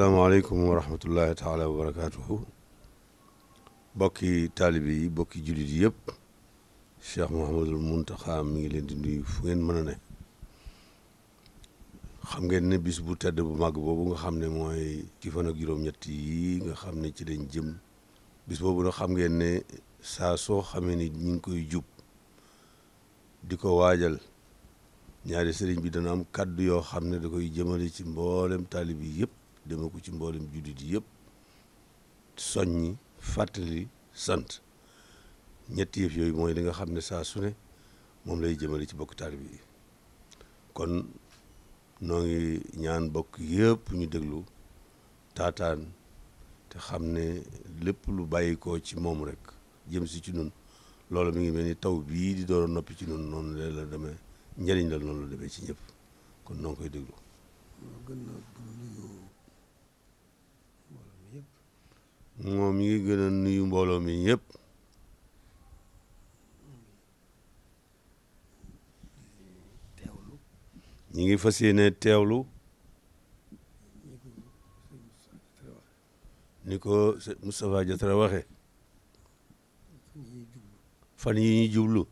asalaamaaleykum wa rahmatullahi taala wa barakaatuhu bokki taalibe yi bokki jullit yi yëpp Cheikh Mouhamadul Mountakha mi ngi leen di nuyu fu ngeen mën a ne xam ngeen ne bu tedd bu màgg boobu nga xam ne mooy ci fan ak juróom-ñett yi nga xam ne ci lañ jëm bis boobu nag xam ngeen ne saa soo xamee ni ñu ngi koy jub di ko waajal ñaari sëriñ bi dana am kàddu yoo xam ne da koy jëmale ci mboolem taalibi yi deme ko ci mboolem juddit yëpp soññi fàttali sant ñetti yëf yooyu mooy li nga xam ne saa su ne moom lay jëmale ci bokk taalibe yi kon noo ngi ñaan bokk yépp ñu déglu taataan te xam ne lépp lu bàyyikoo ci moom rek jëm si ci nun loolu mi ngi mel ni taw bii di door noppi ci nun noonu la la demee njëriñ la noonu la demee ci ñëpp kon noo ngi koy déglu. moom mi ngi gën a nuyu mbooloo mi yëpp ñi ngi fas yéene teewlu ni ko Moustapha Diatra waxe fan yi ñu jublu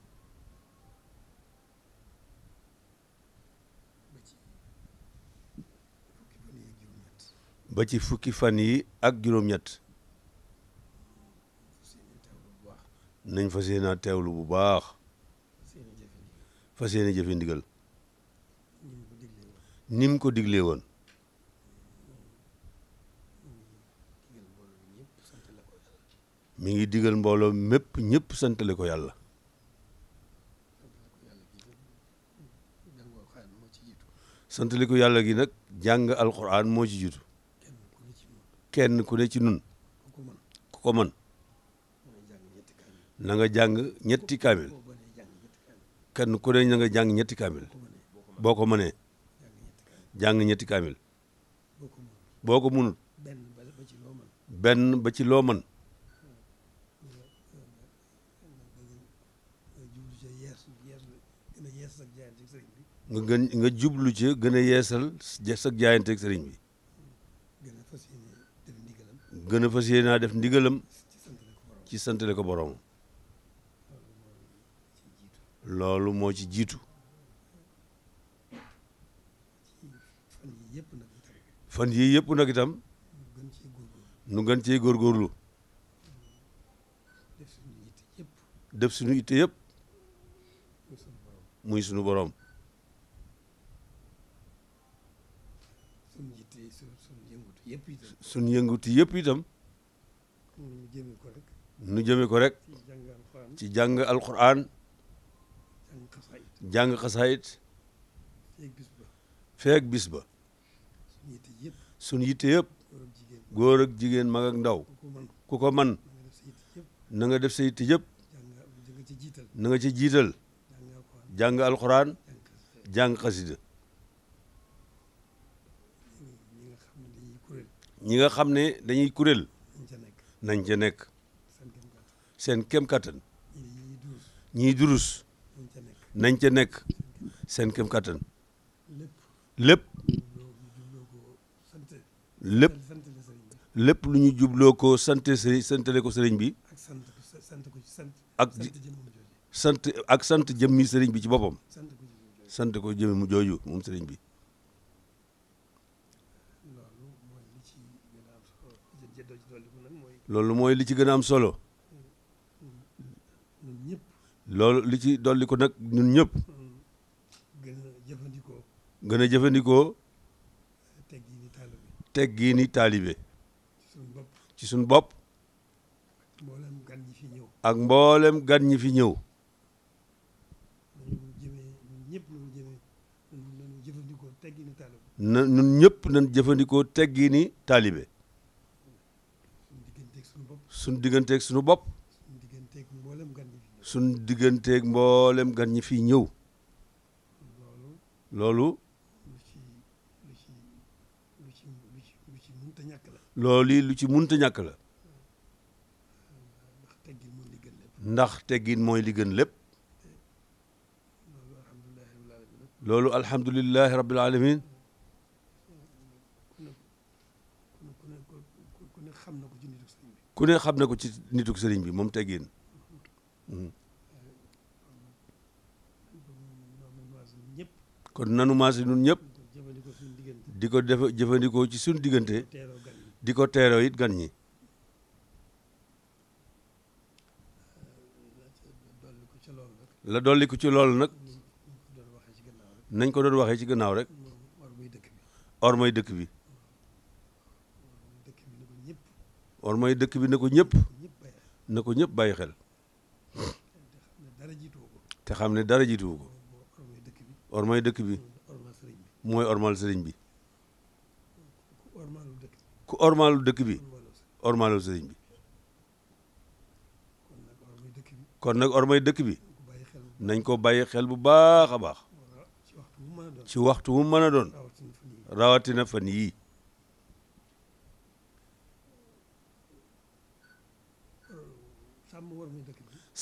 ba ci fukki fan yi ak juróom-ñett nañ fa yéene teewlu bu baax fa yéene jëfe ndigal ni ko diglee woon mu ngi digal mbooloo mépp ñëpp santale ko yàlla santale ko yàlla gi nag jàng alquran moo ci jiitu kenn ku ne ci nun ku ko mën na nga jàng ñetti kaamil kenn ku ne na nga jàng ñetti kaamil boo ko mënee jàng ñetti kaamil boo ko mënul benn ba ci loo mën nga gën nga jublu ci gën a yeesal sa jaayante ak sëriñ bi gën a fas yéenaa def ndigalam ci santale ko borom loolu moo ci jiitu fan yii yëpp nag itam nu gën cee góorgóorlu def suñu itte yëpp muy suñu borom suñu yënguti yëpp itam nu jëme ko rek ci jàng alquran jàng xasaayit feek bis ba sunu yitte yëpp góor ak jigéen mag ak ndaw ku man na nga def sa yitte yëpp na nga ci jiital jàng alxuraan jàng xasida ñi nga xam ne dañuy kuréel nañ ca nekk seen kem kattan ñiy durus nañ ce nekk seen kem kattan lépp lépp lépp lu ñu jubloo ko sant sëriñ santale ko sëriñ bi ak sant ak sant jëmmi sëriñ bi ci boppam sant ko jëmmi mu jooju moom sëriñ bi loolu mooy li ci gën a am solo loolu li ci dolli ko nag ñun ñëpp. gën a jëfandikoo. gën a jëfandikoo. teggiini taalibe. taalibe. ci suñu bopp. ci suñu bopp. mboolem gan ñi fi ñëw. ak mboolem gan ñi fi ñëpp nañ jëfandikoo teggiini taalibe. suñu digganteeg sunu bopp. suñ digganteeg mboolem gan ñi fi ñëw loolu loolu yi lu ci munta ñàkk la ndax teggin mooy li gën lépp loolu alhamdulilahi rabbil alamin ku ne xam na ko ci nituk sëriñ bi ku ne xam na ko ci nituk sëriñ bi moom teggin kon nanu maase nun ñëpp di ko def jëfandikoo ci suñu diggante di ko teeroo it gan ñi la dolli ci loolu nag nañ ko doon waxee ci gannaaw rek or mooy dëkk bi or dëkk bi na ko ñëpp na ko ñëpp bàyyi xel te xam ne dara jiituwu ko ormay dëkk bi mooy ormal sëriñ bi ku ormal dëkk bi ormalu sëriñ bi kon nag ormay dëkk bi nañ ko bàyyi xel bu baax a baax ci waxtu wu mën a doon rawatina fan yii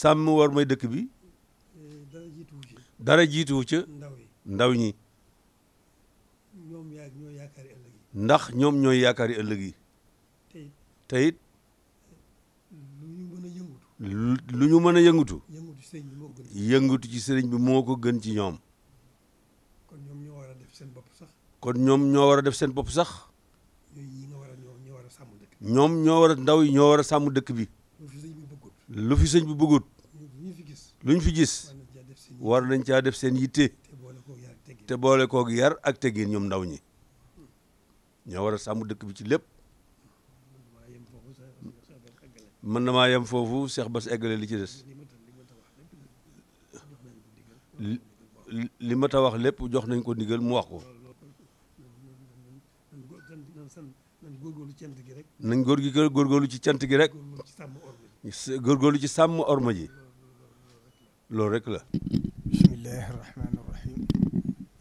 sàmm war mooy dëkk bi dara jiituwu ca ndaw ñi ndax ñoom ñooy yaakaari ëllëg yi te it lu ñu mën a yëngutu yëngutu ci sëriñ bi moo ko gën ci ñoom kon ñoom ñoo war a def seen bopp sax kon ñoom ñoo war a def seen bopp sax ñoom ñoo war a ndaw yi ñoo war a sàmm dëkk bi lu fi sëñ bi bëggut lu ñu fi gis war nañ caa def seen yitte te boole koog yar ak teggin ñoom ndaw ñi ñoo war a sàmm dëkk bi ci lépp mën na maa yem foofu Cheikh Bass eggale li ci des li ma ta wax lépp jox nañ ko ndigal mu wax ko nañ góorgóorlu ci cant gi rek nañ góor gi ci cant gi rek góorgóorlu ci sàmm orma ji loolu rek la bismillahi rahmaani rahim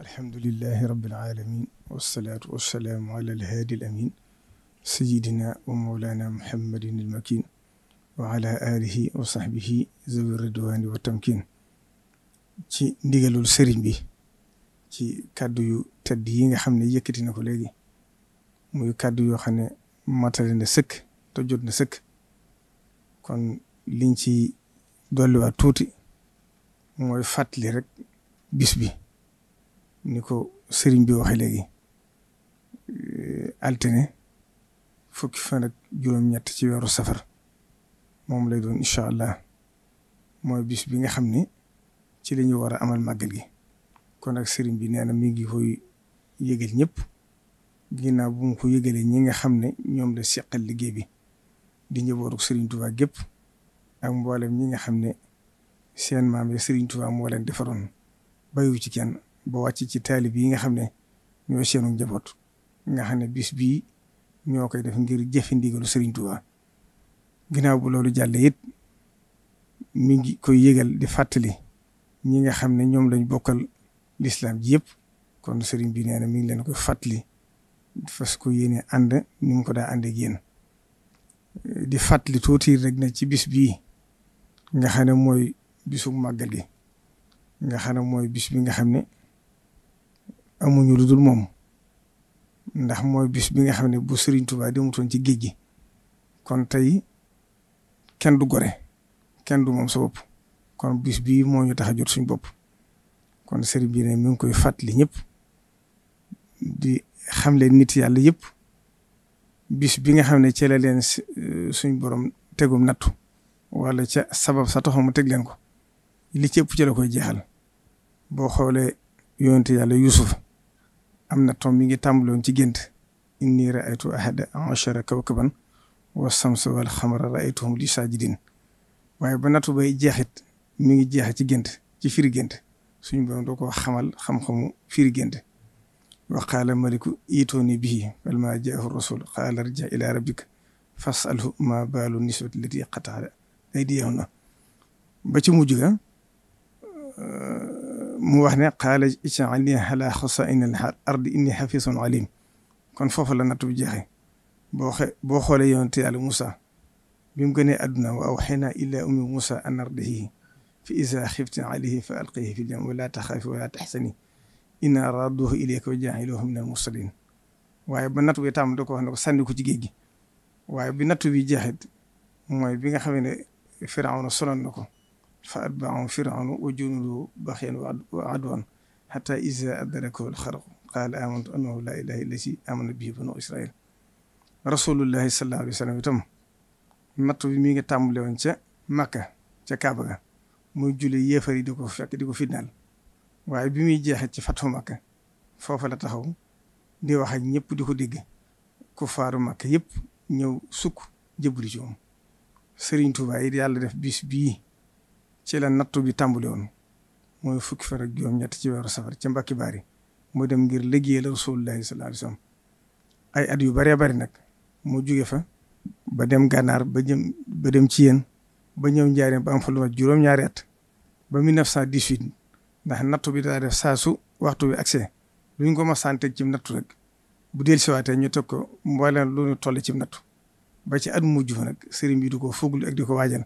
alhamdulillahi rabbil alamin wassalaatu wassalaamu alhaadi al amin wa mawlana muhammadin al makin wa wa sahbihi zawi ridwaani wa ci ndigalul sëriñ bi ci kàddu yu tedd xam ne yëkkati na ko léegi muy kàddu yoo xam ne matale na sëkk kon liñ ci dolliwaat tuuti mooy fàttali rek bis bi ni ko sëriñ bi waxee léegi euh, altine fukki fan ak juróom-ñett ci weeru safar moom lay doon incha allah mooy bis bi nga xam ni ci lañu war a amal màggal gi kon ak sëriñ bi nee na mi ngi koy yëgal ñëpp ginnaaw bu mu ko yëgalee ñi nga xam ne ñoom la seqal liggéey bi di njëbooru Serigne Touba gépp ak mboolem ñi nga xam ne seen maam ya Serigne Touba moo defaroon bayu ci kenn ba wàcc ci taalib yi nga xam ne ñoo seenu njaboot nga xam ne bis bii ñoo koy def ngir jëfe ndigalu Serigne ginnaaw bu loolu jàllee it mi ngi koy yëgal di fàttali ñi nga xam ne ñoom lañ bokkal lislaam ji yëpp kon Serigne bi nee na mi ngi leen ko fàttali fas ko yéene ànd ni mu ko daa àndee génn di fàttali tuuti rek na ci bis bii nga xam mooy bisu màggal gi nga xam mooy bis bi nga xam ne amuñu lu dul moom ndax mooy bis bi nga xam ne bu sëriñ Serigne mu demutoon ci géej gi kon tey kenn du gore kenn du moom sa bopp kon bis bii moo ñu tax a jot suñu bopp kon Serigne bii ne mi ngi koy fàttali ñëpp di xam leen nit yàlla yëpp. bis bi nga xam ne ci leen eh, suñ borom tegum nattu wala ca sabab sa taxaw mu teg leen ko li ci ëpp ci la koy jeexal boo xoolee yonent yàlla Yuusuf am na tom mi ngi tàmbaloon ci gént inni raaytu ahada ashara kawkaban wa samsa wal xamara raaytuhum li saajidin waaye ba nattu bay jeexit mi ngi jeex ci gént ci firi gént suñ borom doo ko xamal xam-xamu firi gént wa qaala maliku iitooni bihi falammaa jaahu rasul qaala irji ilaa rabbika fasalhu ma baalu niswati lati qataala aydiyahunna ba ci mujj ga euh, mu wax ne qaala ij'alni alaa xasaa'inil ardi inni xafiisun aliim kon foofu la nattu jeexee boo xe boo xoolee yonent yàlla Moussa bi mu gënee àdduna ummi Moussa an ardihi fa izaa xifti fa alqihi fi l-yam wa laa taxaafi wa inna radduhu ilayka wa jaa'iluhu minal mursaliin waaye ba natt bi tàmm da ko ko ci géej waaye bi natt bi jeexit mooy bi nga xam ne firawna sonal na ko fa atba'ahum firawnu wa junuuduhu baxyan wa adwan hatta iza adrakahu al-gharqu qaala aamantu laa ilaaha illa llazii aamana bihi banuu Israa'iil rasuulullaahi sallallaahu alayhi wa sallam itam bi mi nga tàmbale ca Makka ca Kaaba ga muy julli yéefar di ko fekk di waaye bi muy jeexee ci Fathu Makka foofa la taxaw di wax ak ñëpp di ko dégg ku faaru Makka yëpp ñëw sukk jëblu ci moom Serigne Touba yi yàlla def bis bii ci la nattu bi tàmbale woon mooy fukki fan ak juróom-ñett ci weeru safar ci Mbàkke Baari mu dem ngir liggéeyal Rasulullahi sallallahu alayhi ay at yu bëree bëri nag moo jóge fa ba dem gànnaar ba dem ci yéen ba ñëw njaareen ba am fa lu mat juróom-ñaari at ba ndax nattu bi daa def saa su waxtu bi accès lu ñu ko ma sante ci nattu rek bu del siwaatee ñu teg ko mbooleem lu ñu toll ci nattu ba ci at mujj fa nag sëriñ bi du ko fooglu ak di ko waajal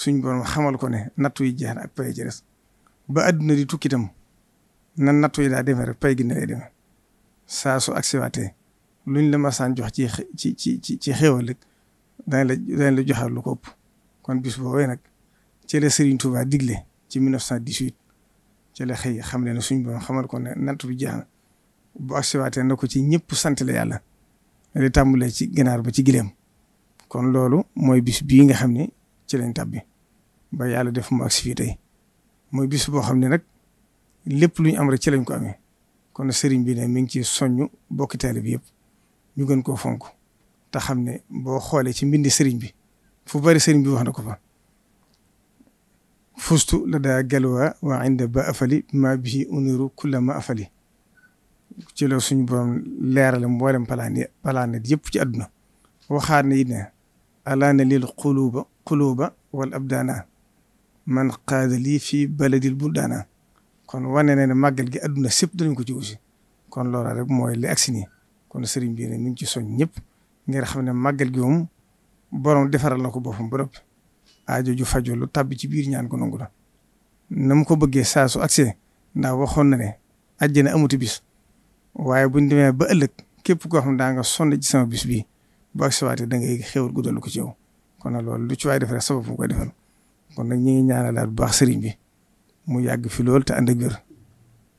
suñ borom xamal ko ne nattu yi jeex na ak pay ci des ba adduna di tukki nan nattu yi daa demee rek pay gi luñ la ma jox ci ci ci ci ci xéewal rek dañ la dañ la kon bis boobee nag ci la Serigne Touba digle ci 1918 ci la xëy xam ne na suñ borom xamal ko ne natt bi jeex na bu agsiwaatee na ko ci ñëpp sant la yàlla li tàmbalee ci ginaar ba ci gileem kon loolu mooy bis bii nga xam ne ci lañ bi ba yàlla def mu agsi fii tey mooy biss boo xam ne nag lépp lu ñu am rek ci lañ ko amee kon sëriñ bi ne mi ngi ci soññ bokki taalibe bi yëpp ñu gën koo fonk te xam ne boo xoolee ci mbindi sëriñ bi fu bari sëriñ bi wax na ko fa fustu la daa galwaa waa inda ba afali ma bihi uniru kulla ma afali ci la suñu borom leeral mboolem palaanet palaanet yëpp ci àdduna waxaat na it ne alaana lil quluba quluba wal abdaana man qaada lii fii baladil buldaana kon wane na ne màggal gi àdduna sëpp danañ ko ci aussi kon loola rek mooy li agsi kon sëriñ bi ne ngi ci soñ ñëpp ngir xam ne màggal gi moom borom defaral na ko boppam borom aajo ju fajoo lu tàbbi ci biir ñaan ko nangu la na mu ko bëggee saa su accès ndax waxoon na ne àjjana amuti bis waaye buñ demee ba ëllëg képp koo xam ne daa nga sonn ci sama bis bii bu accès waatee da ngay xéwal guddal ko ci yow kon nag loolu lu ci waay def rek sabab mu koy defal kon nag ñu ngi ñaanalaat bu baax sëriñ bi mu yàgg fi lool te ànd ak wér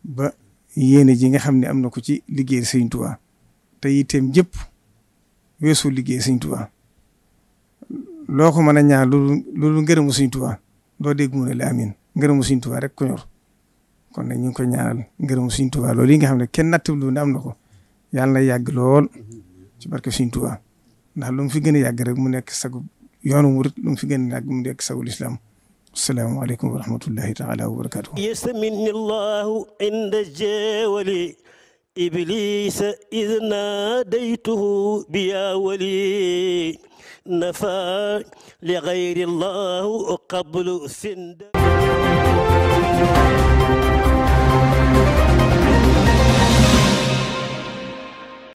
ba yéene ji nga xam ne am na ko ci liggéey sëriñ Tuubaa te itam jëpp weesu liggéey sëriñ Tuubaa loo ko mën a ñaan loolu loolu ngërëmu Sëriñ Tuubaa doo dégg mu ne la amiin ngërëmu Sëriñ Tuubaa rek ko ñor kon nag ñu ngi koy ñaanal ngërëmu Sëriñ Tuubaa loolu yi nga xam ne kenn nattable ne am na ko yàlla na yàgg lool ci barke Sëriñ Tuubaa ndax lu mu fi gën a yàgg rek mu nekk sagu yoonu murit lu mu fi gën a yàgg mu nekk sagu lislaam asalaamaaleykum wa rahmatullahi taala wa barakaatu. yasminillahu inda jeewali إبليس إذ ناديته بيا ولي نفى لغير الله قبل سند